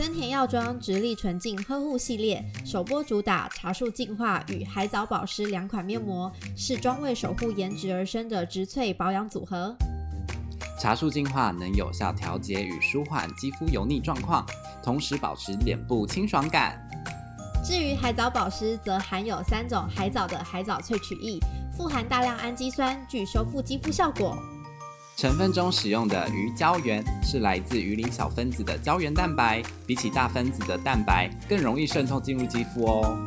森田藥妝植力純淨呵護系列首波主打茶樹淨化與海藻保濕兩款面膜，是專為守護顏值而生的植萃保養組合。茶樹淨化能有效調節與舒緩肌膚油膩狀況，同時保持臉部清爽感。至於海藻保濕，則含有三種海藻的海藻萃取液，富含大量氨基酸，具修復肌膚效果。成分中使用的魚膠原是來自魚鱗小分子的膠原蛋白，比起大分子的蛋白更容易滲透進入肌膚哦。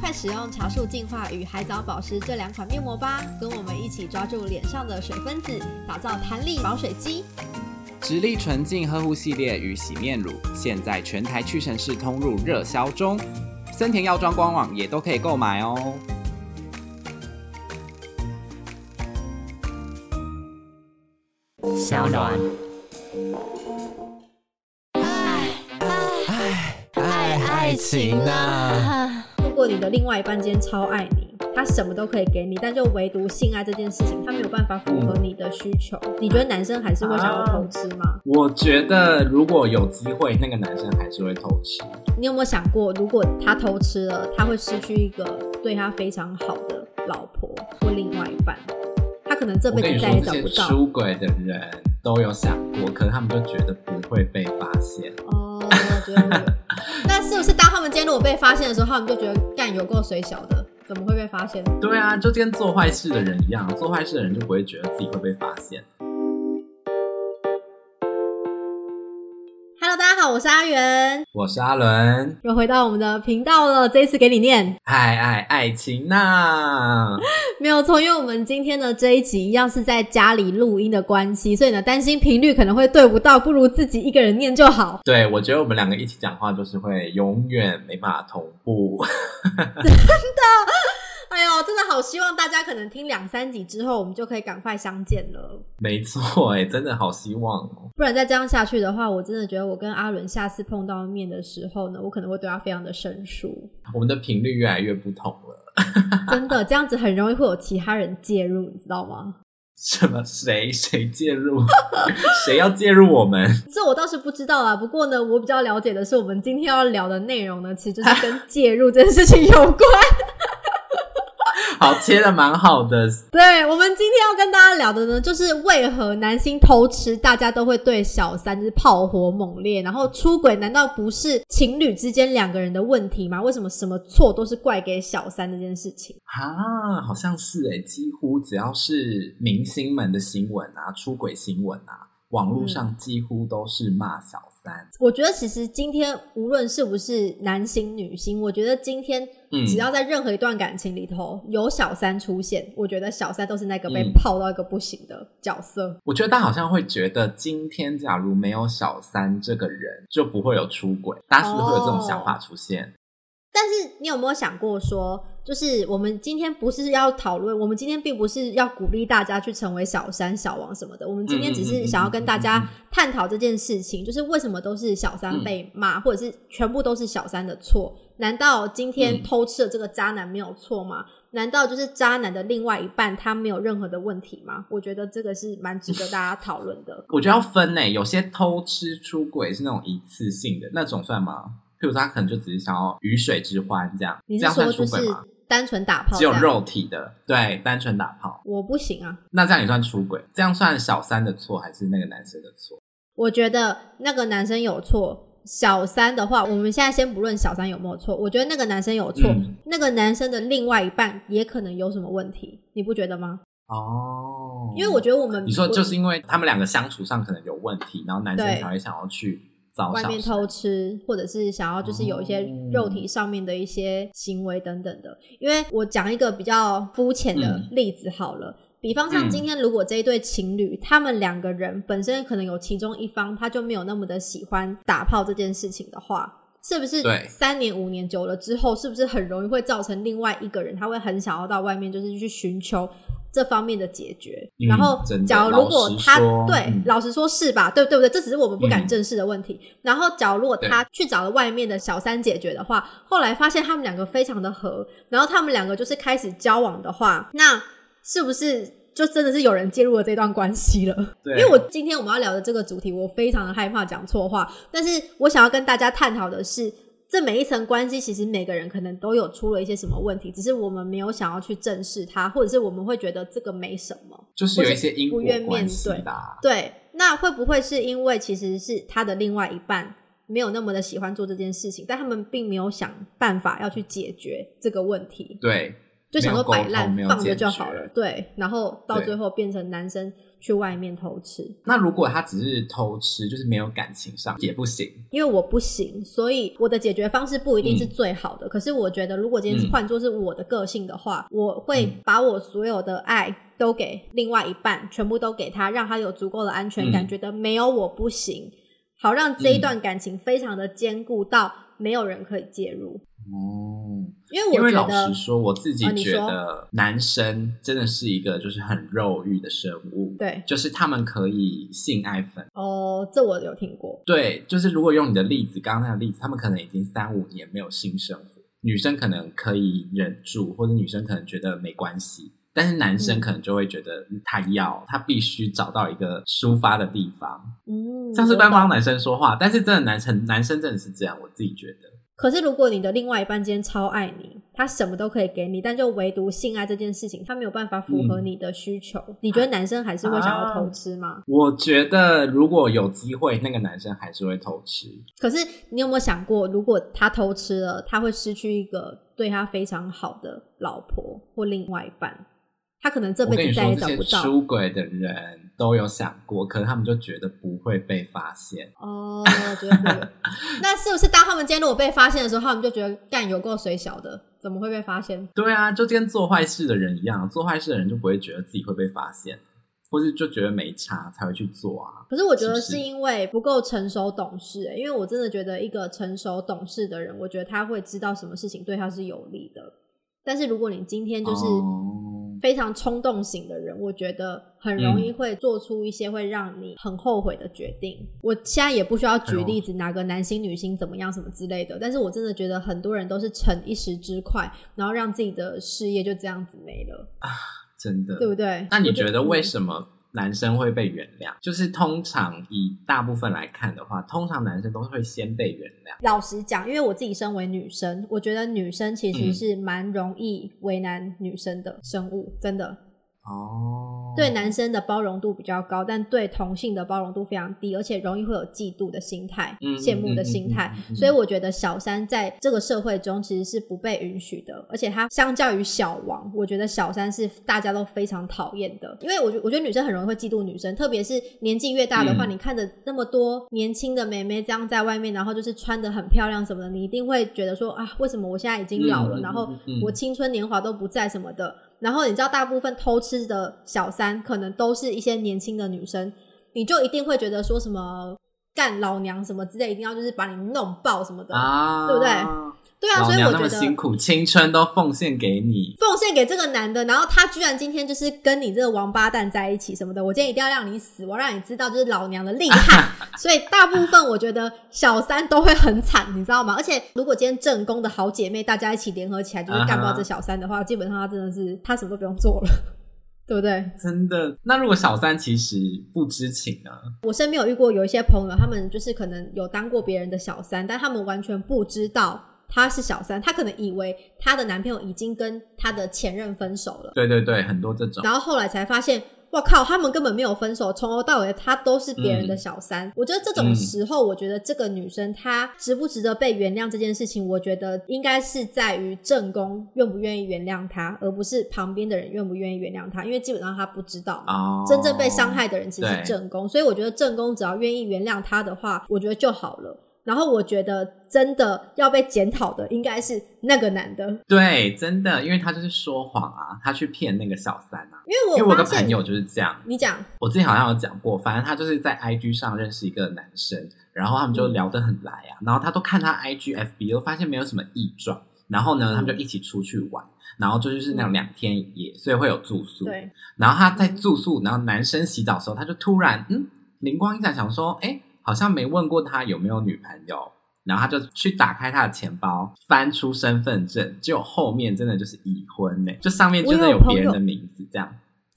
快使用茶樹淨化與海藻保濕這兩款面膜吧，跟我們一起抓住臉上的水分子，打造彈力保水肌。植力純淨呵護系列與洗面乳現在全台屈臣氏通路熱銷中，森田藥妝官網也都可以購買哦。暖，愛愛愛愛愛情吶！如果你的另外一半今天超愛你，他什麼都可以給你，但就唯獨性愛這件事情，他沒有辦法符合你的需求。嗯，你覺得男生還是會想要偷吃嗎？我覺得如果有機會，那個男生還是會偷吃。你有沒有想過，如果他偷吃了，他會失去一個對他非常好的老婆或另外一半？他可能這輩子再也找不到出軌的人。都有想過，可是他們就覺得不會被發現哦。對。對 那是不是當他們今天如果被發現的時候，他們就覺得幹有夠衰小的，怎麼會被發現？對啊，就跟做壞事的人一樣，做壞事的人就不會覺得自己會被發現。我是阿圓，我是阿侖，又回到我們的頻道了。這一次給你念，愛愛愛情吶，啊， 沒有錯。因為我們今天的這一集一樣是在家裡錄音的關係，所以呢，擔心頻率可能會對不到，不如自己一個人念就好。對，我覺得我們兩個一起講話，就是會永遠沒辦法同步。 真的。哎呦，真的好希望大家可能聽兩三集之後，我們就可以趕快相見了。沒錯，哎，真的好希望哦。不然再這樣下去的話，我真的覺得我跟阿倫下次碰到面的時候呢，我可能會對他非常的生疏。我們的頻率越來越不同了， 真的，這樣子很容易會有其他人介入，你知道嗎？什麼？誰？誰介入？ 誰要介入我們？這我倒是不知道啊。不過呢，我比較了解的是，我們今天要聊的內容呢，其實就是跟介入這件事情有關。 好，切得蠻好的。 對，我們今天要跟大家聊的呢，就是為何男星偷吃，大家都會對小三就是炮火猛烈，然後出軌，難道不是情侶之間兩個人的問題嗎？為什麼什麼錯都是怪給小三這件事情？啊，好像是誒、欸、幾乎只要是明星們的新聞啊，出軌新聞啊。網絡上幾乎都是罵小三、嗯。我覺得其實今天無論是不是男星女星，我覺得今天、嗯、只要在任何一段感情裡頭有小三出現，我覺得小三都是那個被砲到一個不行的角色。嗯、我覺得大家好像會覺得，今天假如沒有小三這個人，就不會有出軌。大家是不是會有這種想法出現？哦但是你有沒有想過說，就是我們今天不是要討論，我們今天並不是要鼓勵大家去成為小三、小王什麼的，我們今天只是想要跟大家探討這件事情，嗯、就是為什麼都是小三被罵，嗯、或者是全部都是小三的錯？難道今天偷吃的這個渣男沒有錯嗎？嗯、難道就是渣男的另外一半他沒有任何的問題嗎？我覺得這個是蠻值得大家討論的。我覺得要分類、欸、有些偷吃出軌是那種一次性的那種算嗎？譬如說，他可能就只是想要魚水之歡這樣，你是說就是單純打炮，打炮只有肉體的，對，單純打炮。我不行啊，那這樣也算出軌？這樣算小三的錯，還是那個男生的錯？我覺得那個男生有錯。小三的話，我們現在先不論小三有沒有錯，我覺得那個男生有錯。嗯、那個男生的另外一半也可能有什麼問題，你不覺得嗎？哦，因為我覺得我們你說就是因為他們兩個相處上可能有問題，然後男生才會想要去。外面偷吃，或者是想要就是有一些肉體上面的一些行為等等的。嗯，因為我講一個比較膚淺的例子好了，嗯，比方像今天如果這一對情侶，嗯，他們兩個人本身可能有其中一方他就沒有那麼的喜歡打炮這件事情的話，是不是三年五年久了之後，是不是很容易會造成另外一個人他會很想要到外面就是去尋求？這方面的解決，嗯、然後假如,如果他老實說，對老實說是吧，嗯、對不對？不對，這只是我們不敢正視的問題。嗯、然後，假如如果他去找了外面的小三解決的話，對後來發現他們兩個非常的合，然後他們兩個就是開始交往的話，那是不是就真的是有人介入了這段關係了？對因為我今天我們要聊的這個主題，我非常的害怕講錯話，但是我想要跟大家探討的是。這每一層關係，其實每個人可能都有出了一些什麼問題，只是我們沒有想要去正視它，或者是我們會覺得這個沒什麼，就是有一些因果關係吧。對，那會不會是因為其實是他的另外一半沒有那麼的喜歡做這件事情，但他們並沒有想辦法要去解決這個問題，對，就想說擺爛放着就好了，對，然後到最後變成男生。去外面偷吃。那如果他只是偷吃，就是沒有感情上也不行，因為我不行，所以我的解決方式不一定是最好的。嗯、可是我覺得，如果今天換作是我的個性的話，嗯、我會把我所有的愛都給另外一半，嗯、全部都給他，讓他有足夠的安全、嗯、感，覺得沒有我不行，好讓這一段感情非常的堅固，到沒有人可以介入。嗯因為，我，因為老實說我自己覺得，男生真的是一個就是很肉欲的生物，對，就是他們可以性愛粉哦、呃，這我有聽過。對，就是如果用你的例子，剛剛那個例子，他們可能已經三五年沒有性生活，女生可能可以忍住，或者女生可能覺得沒關係，但是男生可能就會覺得他要，他必須找到一個抒發的地方。嗯，像是幫幫男生說話，但是真的男生，男生真的是這樣，我自己覺得。可是，如果你的另外一半今天超愛你，他什麼都可以給你，但就唯獨性愛這件事情，他沒有辦法符合你的需求，嗯，你覺得男生還是會想要偷吃嗎？啊，我覺得，如果有機會，那個男生還是會偷吃。可是，你有沒有想過，如果他偷吃了，他會失去一個對他非常好的老婆或另外一半？他可能這輩子再也找不到。出軌的人都有想過，可是他們就覺得不會被發現。哦，我覺得 那是不是當他們今天如果被發現的時候，他們就覺得幹有夠隨小的，怎麼會被發現？對啊，就跟做壞事的人一樣，做壞事的人就不會覺得自己會被發現，或是就覺得沒差才會去做啊。可是我覺得是因為不夠成熟懂事，欸，是不是？因為我真的覺得一個成熟懂事的人，我覺得他會知道什麼事情對他是有利的。但是如果你今天就是。哦非常衝動型的人，我覺得很容易會做出一些會讓你很後悔的決定。嗯、我現在也不需要舉例子，哪呦個男星、女星怎麼樣、什麼之類的。但是我真的覺得很多人都是逞一時之快，然後讓自己的事業就這樣子沒了啊！真的，對不對？那你覺得為什麼？嗯男生會被原諒，就是通常以大部分來看的話，通常男生都會先被原諒。老實講，因為我自己身為女生，我覺得女生其實是蠻容易為難女生的生物，真的。哦，對男生的包容度比較高，但對同性的包容度非常低，而且容易會有嫉妒的心態、嗯、羨慕的心態。嗯嗯嗯、所以我覺得小三在這個社會中其實是不被允許的。而且他相較於小王，我覺得小三是大家都非常討厭的，因為我覺我覺得女生很容易會嫉妒女生，特別是年紀越大的話，嗯、你看着那麼多年輕的妹妹這樣在外面，然後就是穿得很漂亮什麼的，你一定會覺得說啊，為什麼我現在已經老了，嗯、然後我青春年華都不在什麼的。然後你知道，大部分偷吃的小三可能都是一些年輕的女生，你就一定會覺得說什麼，幹老娘什麼之類，一定要就是把你弄爆什麼的，啊、對不對？對啊，所以我覺得辛苦青春都奉獻給你，奉獻給這個男的，然後他居然今天就是跟你這個王八蛋在一起什麼的，我今天一定要讓你死，我要讓你知道就是老娘的厲害。 所以大部分我覺得小三都會很慘，你知道嗎？而且如果今天正宮的好姐妹大家一起聯合起來，就是幹爆這小三的話，啊、哼基本上他真的是他什麼都不用做了。對不對？真的？那如果小三其實不知情呢？我身邊有遇過有一些朋友，他們就是可能有當過別人的小三，但他們完全不知道他是小三，他可能以為他的男朋友已經跟他的前任分手了。對對對，很多這種。然後後來才發現。我靠！他們根本沒有分手，從頭到尾他都是別人的小三。嗯、我覺得這種時候，嗯、我覺得這個女生她值不值得被原諒這件事情，我覺得應該是在於正宮願不願意原諒她，而不是旁邊的人願不願意原諒她。因為基本上她不知道，哦、真正被傷害的人其實是正宮，對所以我覺得正宮只要願意原諒她的話，我覺得就好了。然後我覺得真的要被檢討的應該是那個男的，對，真的，因為他就是說謊啊，他去騙那個小三啊。因為我，跟我的朋友就是這樣。你講，我之前好像有講過，反正他就是在 IG 上認識一個男生，然後他們就聊得很來啊，嗯、然後他都看他 IG FB 都，發現沒有什麼異狀，然後呢，嗯、他們就一起出去玩，然後就是那種兩天一夜，嗯、所以會有住宿。對、嗯。然後他在住宿，然後男生洗澡的時候，他就突然嗯靈光一閃，想說，哎、欸。好像沒問過他有沒有女朋友，然後他就去打開他的錢包，翻出身份證，結果後面真的就是已婚呢，就上面就真的有別人的名字。這樣，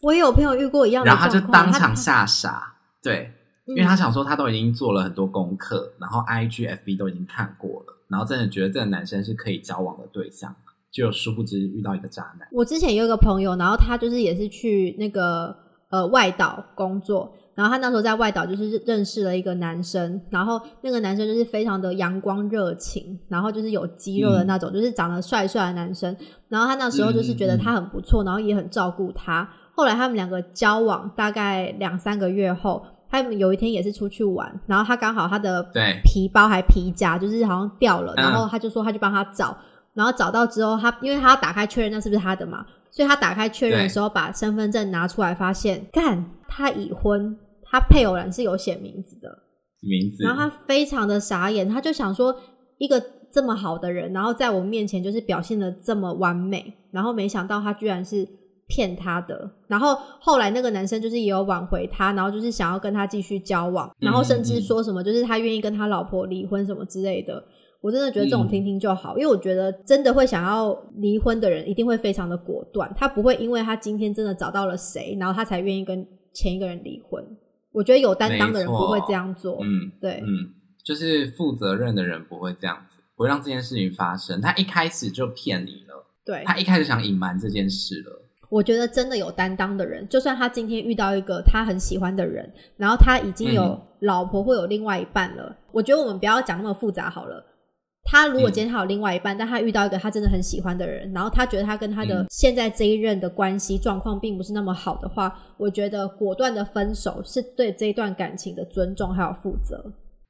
我也有，有朋友遇過一樣，然後他就當場嚇傻，他他對，嗯，因為他想說他都已經做了很多功課，然後 IG、FB 都已經看過了，然後真的覺得這個男生是可以交往的對象，就殊不知遇到一個渣男。我之前有一個朋友，然後他就是也是去那個呃外島工作。然後他那時候在外島就是認識了一個男生，然後那個男生就是非常的陽光熱情，然後就是有肌肉的那種，嗯、就是長得帥帥的男生。然後他那時候就是覺得他很不錯，嗯嗯嗯，然後也很照顧他。後來他們兩個交往大概兩三個月後，他們有一天也是出去玩，然後他剛好他的皮包還皮夾就是好像掉了，對然後他就說他就幫他找，嗯、然後找到之後他因為他要打開確認那是不是他的嘛。所以他打開確認的時候，把身份證拿出來，發現，幹對，他已婚，他配偶欄是有寫名字的，名字，然後他非常的傻眼，他就想說，一個這麼好的人，然後在我面前就是表現得這麼完美，然後沒想到他居然是騙他的，然後後來那個男生就是也有挽回他，然後就是想要跟他繼續交往，然後甚至說什麼就是他願意跟他老婆離婚什麼之類的。我真的覺得這種聽聽就好，嗯、因為我覺得真的會想要離婚的人一定會非常的果斷，他不會因為他今天真的找到了誰，然後他才願意跟前一個人離婚。我覺得有擔當的人不會這樣做，嗯，對，嗯，就是負責任的人不會這樣子，不會讓這件事情發生。他一開始就騙你了，對，他一開始想隱瞞這件事了。我覺得真的有擔當的人，就算他今天遇到一個他很喜歡的人，然後他已經有老婆或有另外一半了，嗯、我覺得我們不要講那麼複雜好了。他如果今天還有另外一半，嗯，但他遇到一個他真的很喜歡的人，然後他覺得他跟他的現在這一任的關係狀況並不是那麼好的話，我覺得果斷的分手是對這段感情的尊重還有負責。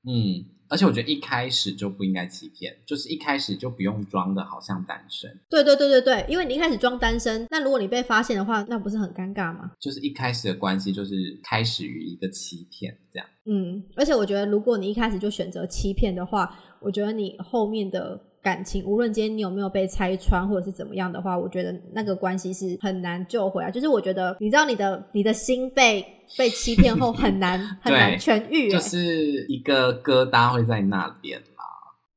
嗯。而且我覺得一開始就不應該欺騙，就是一開始就不用裝的好像單身。對對對對對，因為你一開始裝單身，那如果你被發現的話，那不是很尷尬嗎？就是一開始的關係就是開始於一個欺騙，這樣。嗯，而且我覺得如果你一開始就選擇欺騙的話，我覺得你後面的。感情，無論今天你有沒有被拆穿或者是怎麼樣的話，我覺得那個關係是很難救回來。就是我覺得，你知道你的你的心被被欺騙後很難 對很難痊癒，欸，就是一個疙瘩會在那邊嘛。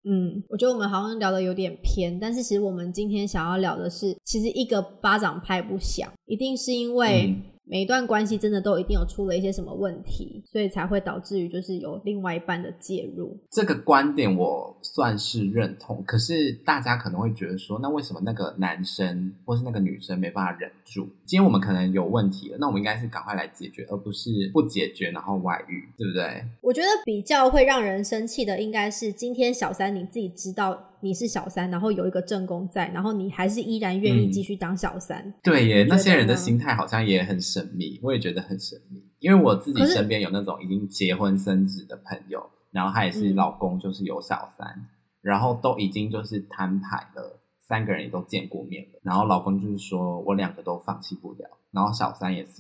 嗯，我覺得我們好像聊得有點偏，但是其實我們今天想要聊的是，其實一個巴掌拍不響，一定是因為、嗯。每一段關係真的都一定有出了一些什麼問題，所以才會導致於就是有另外一半的介入。這個觀點我算是認同，可是大家可能會覺得說，那為什麼那個男生或是那個女生沒辦法忍？今天我們可能有問題了，那我們應該是趕快來解決，而不是不解決，然後外遇，對不對？我覺得比較會讓人生氣的應該是今天小三你自己知道你是小三，然後有一個正宮在，然後你還是依然願意繼續當小三。嗯、對耶，那些人的心態好像也很神秘，我也覺得很神秘，因為我自己身邊有那種已經結婚生子的朋友，是然後他也是老公就是有小三，嗯、然後都已經就是攤牌了。三個人也都見過面了，然後老公就是說，我兩個都放棄不了，然後小三也是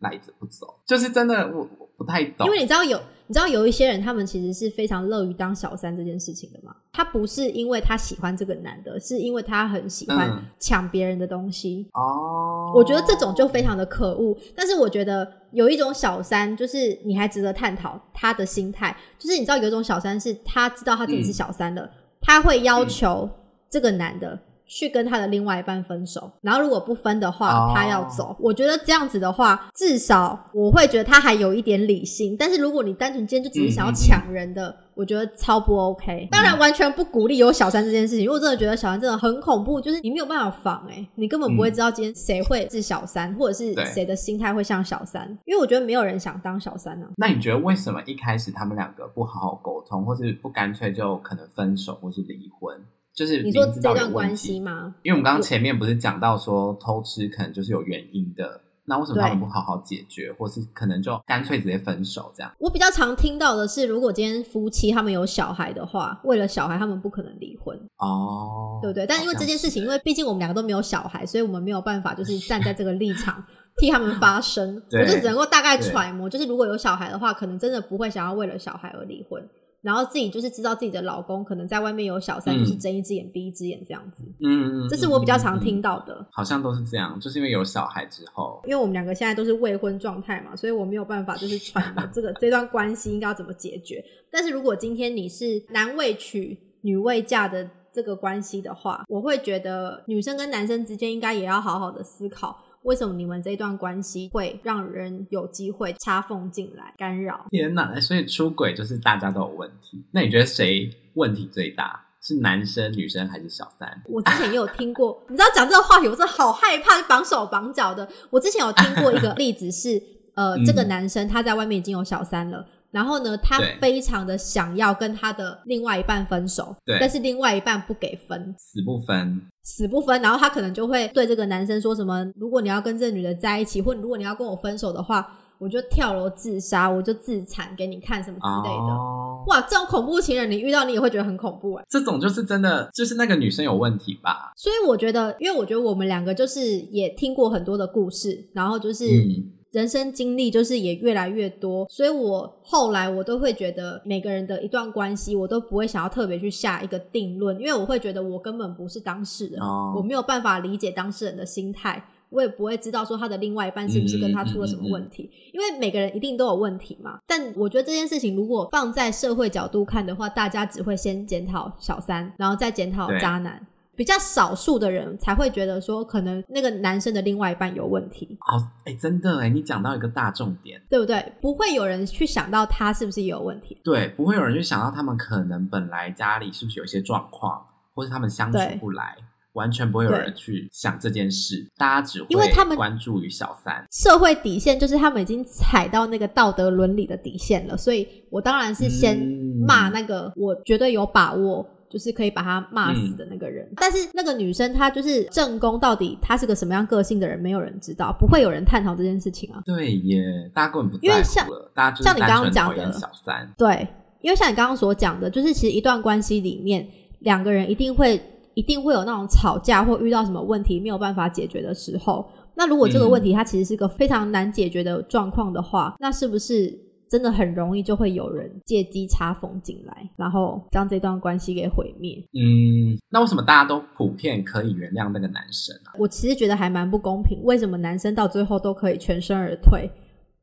賴着不走，就是真的我我不太懂，因為你知道有你知道有一些人他們其實是非常樂於當小三這件事情的嘛，他不是因為他喜歡這個男的，是因為他很喜歡搶別人的東西哦，嗯、我覺得這種就非常的可惡，但是我覺得有一種小三就是你還值得探討他的心態，就是你知道有一種小三是他知道他自己是小三的，嗯、他會要求這個男的。去跟他的另外一半分手，然後如果不分的話，Oh. 他要走。我覺得這樣子的話，至少我會覺得他還有一點理性。但是如果你單純今天就只是想要搶人的，嗯嗯嗯我覺得超不 OK。當然，完全不鼓勵有小三這件事情，我、嗯、真的覺得小三真的很恐怖，就是你沒有辦法防哎、欸，你根本不會知道今天誰會是小三，嗯、或者是誰的心態會像小三。因為我覺得沒有人想當小三呢、啊。那你覺得為什麼一開始他們兩個不好好溝通，或是不乾脆就可能分手或是離婚？就是你說這段關係嗎？因為我們剛剛前面不是講到說偷吃可能就是有原因的，我那為什麼他們不好好解決，對或是可能就乾脆直接分手這樣？我比較常聽到的是，如果今天夫妻他們有小孩的話，為了小孩他們不可能離婚哦，對不對？但因為這件事情，因為畢竟我們兩個都沒有小孩，所以我們沒有辦法就是站在這個立場 替他們發聲，對我就只能夠大概揣摩，對就是如果有小孩的話，可能真的不會想要為了小孩而離婚。然後自己就是知道自己的老公可能在外面有小三，就是睜一隻眼閉一隻眼這樣子。嗯，這是我比較常聽到的，好像都是這樣，就是因為有小孩之後。因為我們兩個現在都是未婚狀態嘛，所以我沒有辦法就是傳這個 這段關係應該要怎麼解決。但是如果今天你是男未娶，女未嫁的這個關係的話，我會覺得女生跟男生之間應該也要好好的思考。為什麼你們這一段關係會讓人有機會插縫進來干擾？天哪！所以出軌就是大家都有問題。那你覺得誰問題最大？是男生、女生還是小三？我之前也有聽過， 你知道講這個話題，我真好害怕，綁手綁腳的。我之前有聽過一個例子是， 呃，這個男生他在外面已經有小三了。嗯然後呢，他非常的想要跟他的另外一半分手，對但是另外一半不給分，死不分，死不分。然後他可能就會對這個男生說什麼：“如果你要跟這個女的在一起，或者如果你要跟我分手的話，我就跳樓自殺，我就自殘給你看，什麼之類的。哦”哇，這種恐怖情人你遇到你也會覺得很恐怖哎。這種就是真的，就是那個女生有問題吧？所以我覺得，因為我覺得我們兩個就是也聽過很多的故事，然後就是。嗯人生經歷就是也越來越多，所以我後來我都會覺得每個人的一段關係，我都不會想要特別去下一個定論，因為我會覺得我根本不是當事人，哦、我沒有辦法理解當事人的心態，我也不會知道說他的另外一半是不是跟他出了什麼問題，嗯嗯嗯嗯、因為每個人一定都有問題嘛。但我覺得這件事情如果放在社會角度看的話，大家只會先檢討小三，然後再檢討渣男。比較少數的人才會覺得說，可能那個男生的另外一半有問題。哦，哎，真的哎，你講到一個大重點，對不對？不會有人去想到他是不是也有問題？對，不會有人去想到他們可能本來家裡是不是有一些狀況，或是他們相處不來，對完全不會有人去想這件事。對大家只會因為他們關注於小三，因為他們社會底線就是他們已經踩到那個道德倫理的底線了。所以，我當然是先罵那個，我絕對有把握。嗯就是可以把他罵死的那個人，嗯、但是那個女生她就是正宮，到底她是個什麼樣個性的人，沒有人知道，不會有人探討這件事情啊。對耶，嗯、大家根本不在乎。因為像大家像你剛剛講的，小三。對，因為像你剛剛所講的，就是其實一段關係裡面，兩個人一定會一定會有那種吵架或遇到什麼問題沒有辦法解決的時候。那如果這個問題它其實是個非常難解決的狀況的話，嗯、那是不是？真的很容易就會有人借機插縫進來，然後將這段關係給毀滅。嗯，那為什麼大家都普遍可以原諒那個男生啊？我其實覺得還蠻不公平，為什麼男生到最後都可以全身而退，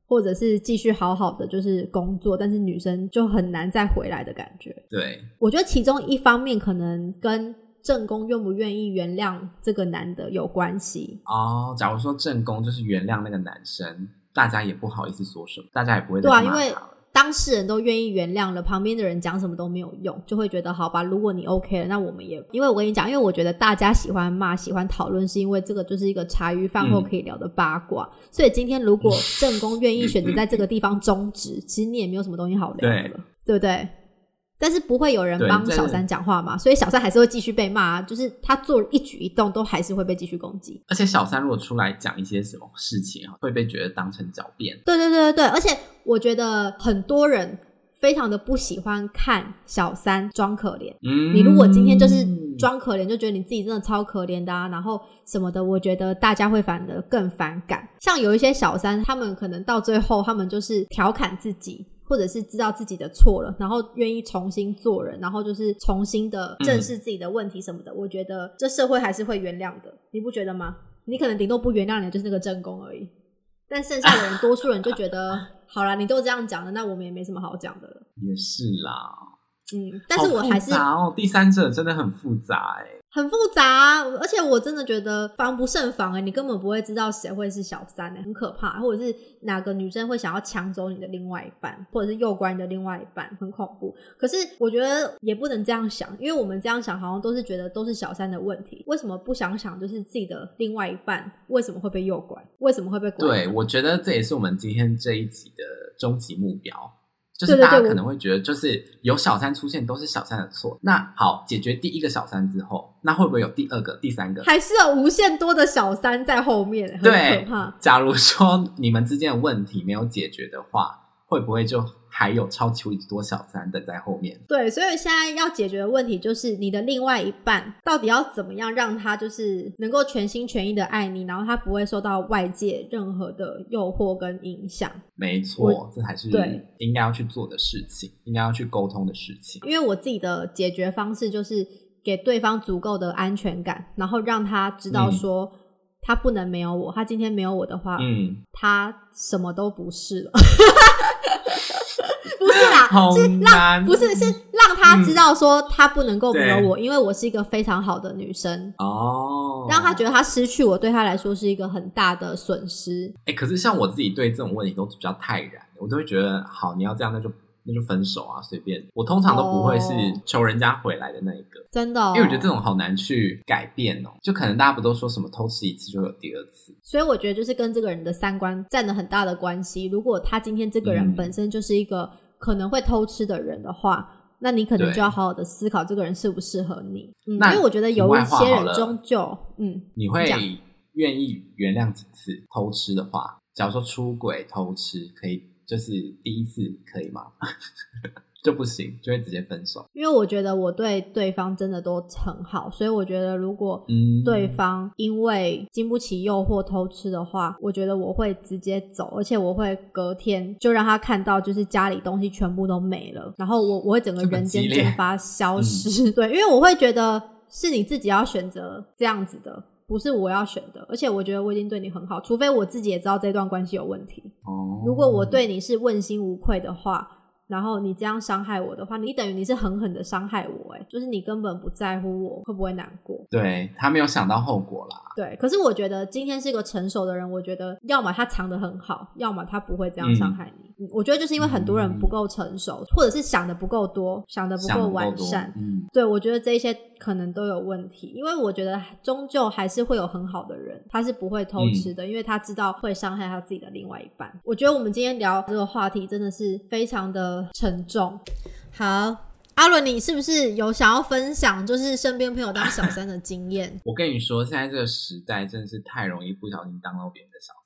或者是繼續好好的就是工作，但是女生就很難再回來的感覺？對，我覺得其中一方面可能跟正宮願不願意原諒這個男的有關係。哦，假如說正宮就是原諒那個男生。大家也不好意思說什麼，大家也不會再罵。對啊，因為當事人都願意原諒了，旁邊的人講什麼都沒有用，就會覺得好吧。如果你 OK 了，那我們也……因為我跟你講，因為我覺得大家喜歡罵、喜歡討論，是因為這個就是一個茶餘飯後可以聊的八卦。嗯、所以今天如果正宮願意選擇在這個地方終止，嗯、其實你也沒有什麼東西好聊了，對，對不對？但是不會有人幫小三講話嘛，所以小三還是會繼續被罵啊，就是他做一舉一動都還是會被繼續攻擊。而且小三如果出來講一些什麼事情，會被覺得當成狡辯。對對對對對，而且我覺得很多人非常的不喜歡看小三裝可憐。嗯，你如果今天就是裝可憐，就覺得你自己真的超可憐的啊，然後什麼的，我覺得大家會反而更反感。像有一些小三，他們可能到最後，他們就是調侃自己。或者是知道自己的錯了，然後願意重新做人，然後就是重新的正視自己的問題什麼的，嗯、我覺得這社會還是會原諒的，你不覺得嗎？你可能頂多不原諒你就是那個正宮而已，但剩下的人，啊、多數人就覺得，啊、好啦，你都這樣講了，那我們也沒什麼好講的了。也是啦，嗯，但是我還是好、哦。第三者真的很複雜哎。很複雜，而且我真的覺得防不勝防哎、欸，你根本不會知道誰會是小三哎、欸，很可怕，或者是哪個女生會想要搶走你的另外一半，或者是誘拐你的另外一半，很恐怖。可是我覺得也不能這樣想，因為我們這樣想好像都是覺得都是小三的問題，為什麼不想想就是自己的另外一半為什麼會被誘拐，為什麼會被拐？對，我覺得這也是我們今天這一集的終極目標。就是大家可能會覺得，就是有小三出現都是小三的錯。對對對，那好，解決第一個小三之後，那會不會有第二個、第三個？還是有無限多的小三在後面，很可怕，對。假如說你們之間的問題沒有解決的話。會不會就還有超級多小三等在後面？對，所以現在要解決的問題就是你的另外一半到底要怎麼樣讓他就是能夠全心全意的愛你，然後他不會受到外界任何的誘惑跟影響。沒錯錯，我這還是對應該要去做的事情，對應該要去溝通的事情。因為我自己的解決方式就是給對方足夠的安全感，然後讓他知道說他不能沒有我，嗯、他今天沒有我的話，嗯，他什麼都不是了。 不是啦，男是讓不是是讓他知道說他不能夠沒有我，嗯、因為我是一個非常好的女生哦，讓他覺得他失去我對他來說是一個很大的損失。哎、欸，可是像我自己對這種問題都比較泰然，我都會覺得好，你要這樣那就。那就分手啊，隨便。我通常都不會是求人家回來的那一個，哦、真的、哦。因為我覺得這種好難去改變哦，就可能大家不都說什麼偷吃一次就有第二次？所以我覺得就是跟這個人的三觀佔了很大的關係。如果他今天這個人本身就是一個可能會偷吃的人的話，嗯、那你可能就要好好的思考這個人適不適合你。嗯、那因為我覺得有一些人終究，嗯，你會願意原諒幾次偷吃的話？樣假如說出軌偷吃可以。就是第一次可以嗎？ 就不行，就會直接分手。因為我覺得我對對方真的都很好，所以我覺得如果對方因為經不起誘惑偷吃的話，嗯、我覺得我會直接走，而且我會隔天就讓他看到，就是家裡東西全部都沒了，然後我我會整個人間蒸發消失。嗯、 對，因為我會覺得是你自己要選擇這樣子的。不是我要選的，而且我覺得我已經對你很好，除非我自己也知道這段關係有問題。哦，oh。如果我對你是問心無愧的話，然後你這樣傷害我的話，你等於你是狠狠的傷害我，哎，就是你根本不在乎我會不會難過。對，他沒有想到後果啦。對，可是我覺得今天是個，成熟的人，我覺得要麼他藏得很好，要麼他不會這樣傷害你。嗯。我覺得就是因為很多人不夠成熟，嗯嗯、或者是想的不夠多，想的不夠完善。嗯，對我覺得這些可能都有問題，因為我覺得終究還是會有很好的人，他是不會偷吃的，嗯、因為他知道會傷害他自己的另外一半。我覺得我們今天聊這個話題真的是非常的沉重。好，阿倫，你是不是有想要分享就是身邊朋友當小三的經驗？ 我跟你說，現在這個時代真的是太容易不小心當了別人的小三。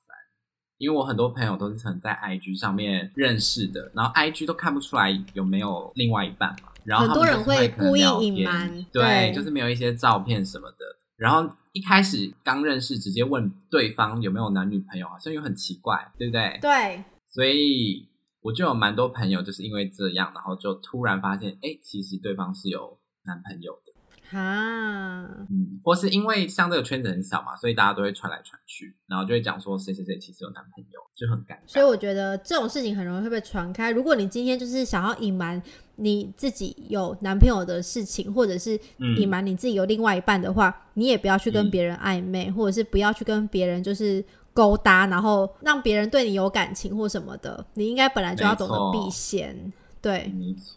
因為我很多朋友都是曾在 IG 上面認識的，然後 IG 都看不出來有沒有另外一半嘛，然後他們就很多人會故意隱瞞，對，對，就是沒有一些照片什麼的。然後一開始剛認識，直接問對方有沒有男女朋友，好像又很奇怪，對不對？對，所以我就有蠻多朋友就是因為這樣，然後就突然發現，哎，其實對方是有男朋友的。啊，嗯，或是因為像這個圈子很小嘛，所以大家都會傳來傳去，然後就會講說誰誰誰其實有男朋友，就很尷尬。所以我覺得這種事情很容易會被傳開。如果你今天就是想要隱瞞你自己有男朋友的事情，或者是隱瞞你自己有另外一半的話，嗯、你也不要去跟別人曖昧，嗯、或者是不要去跟別人就是勾搭，然後讓別人對你有感情或什麼的。你應該本來就要懂得避嫌，錯對，沒錯，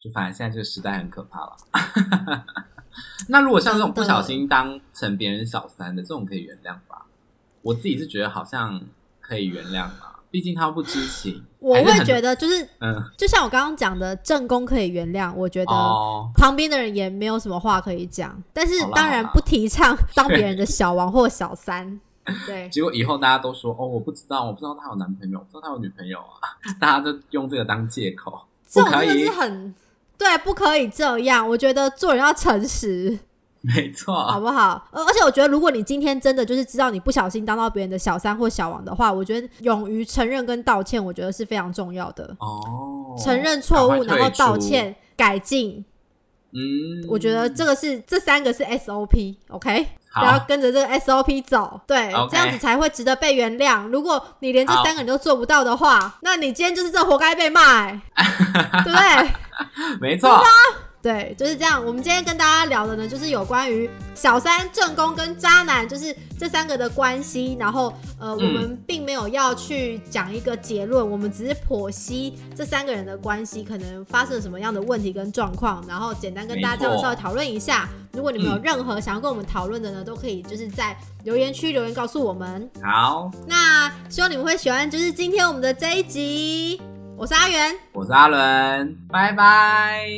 就反正現在這個時代很可怕了。 那如果像這種不小心當成別人小三的，嗯、這種可以原諒吧？我自己是覺得好像可以原諒吧。畢竟他不知情。我會覺得就是，嗯，就像我剛剛講的，正宮可以原諒，我覺得旁邊的人也沒有什麼話可以講。哦、但是當然不提倡當別人的小王或小三。對。對，結果以後大家都說哦，我不知道，我不知道他有男朋友，我不知道他有女朋友啊，嗯、大家就用這個當借口，不可以這種真的是很。對，不可以這樣。我覺得做人要誠實，沒錯，好不好？而且我覺得，如果你今天真的就是知道你不小心當到別人的小三或小王的話，我覺得勇於承認跟道歉，我覺得是非常重要的。哦，承認錯誤，然後道歉，改進。嗯，我覺得這個是這三個是 SOP，OK。好然後跟着這個 SOP 走，對，Okay. 這樣子才會值得被原諒。如果你連這三個你都做不到的話，好那你今天就是這活該被罵欸。 對，沒錯。對，就是這樣。我們今天跟大家聊的呢，就是有關於小三、正宮跟渣男，就是這三個的關係。然後，呃，嗯、我們並沒有要去講一個結論，我們只是剖析這三個人的關係可能發生了什麼樣的問題跟狀況，然後簡單跟大家做稍、稍微討論一下。沒錯，如果你們有任何想要跟我們討論的呢，嗯、都可以就是在留言區留言告訴我們。好，那希望你們會喜歡，就是今天我們的這一集。我是阿圓，我是阿侖，拜拜。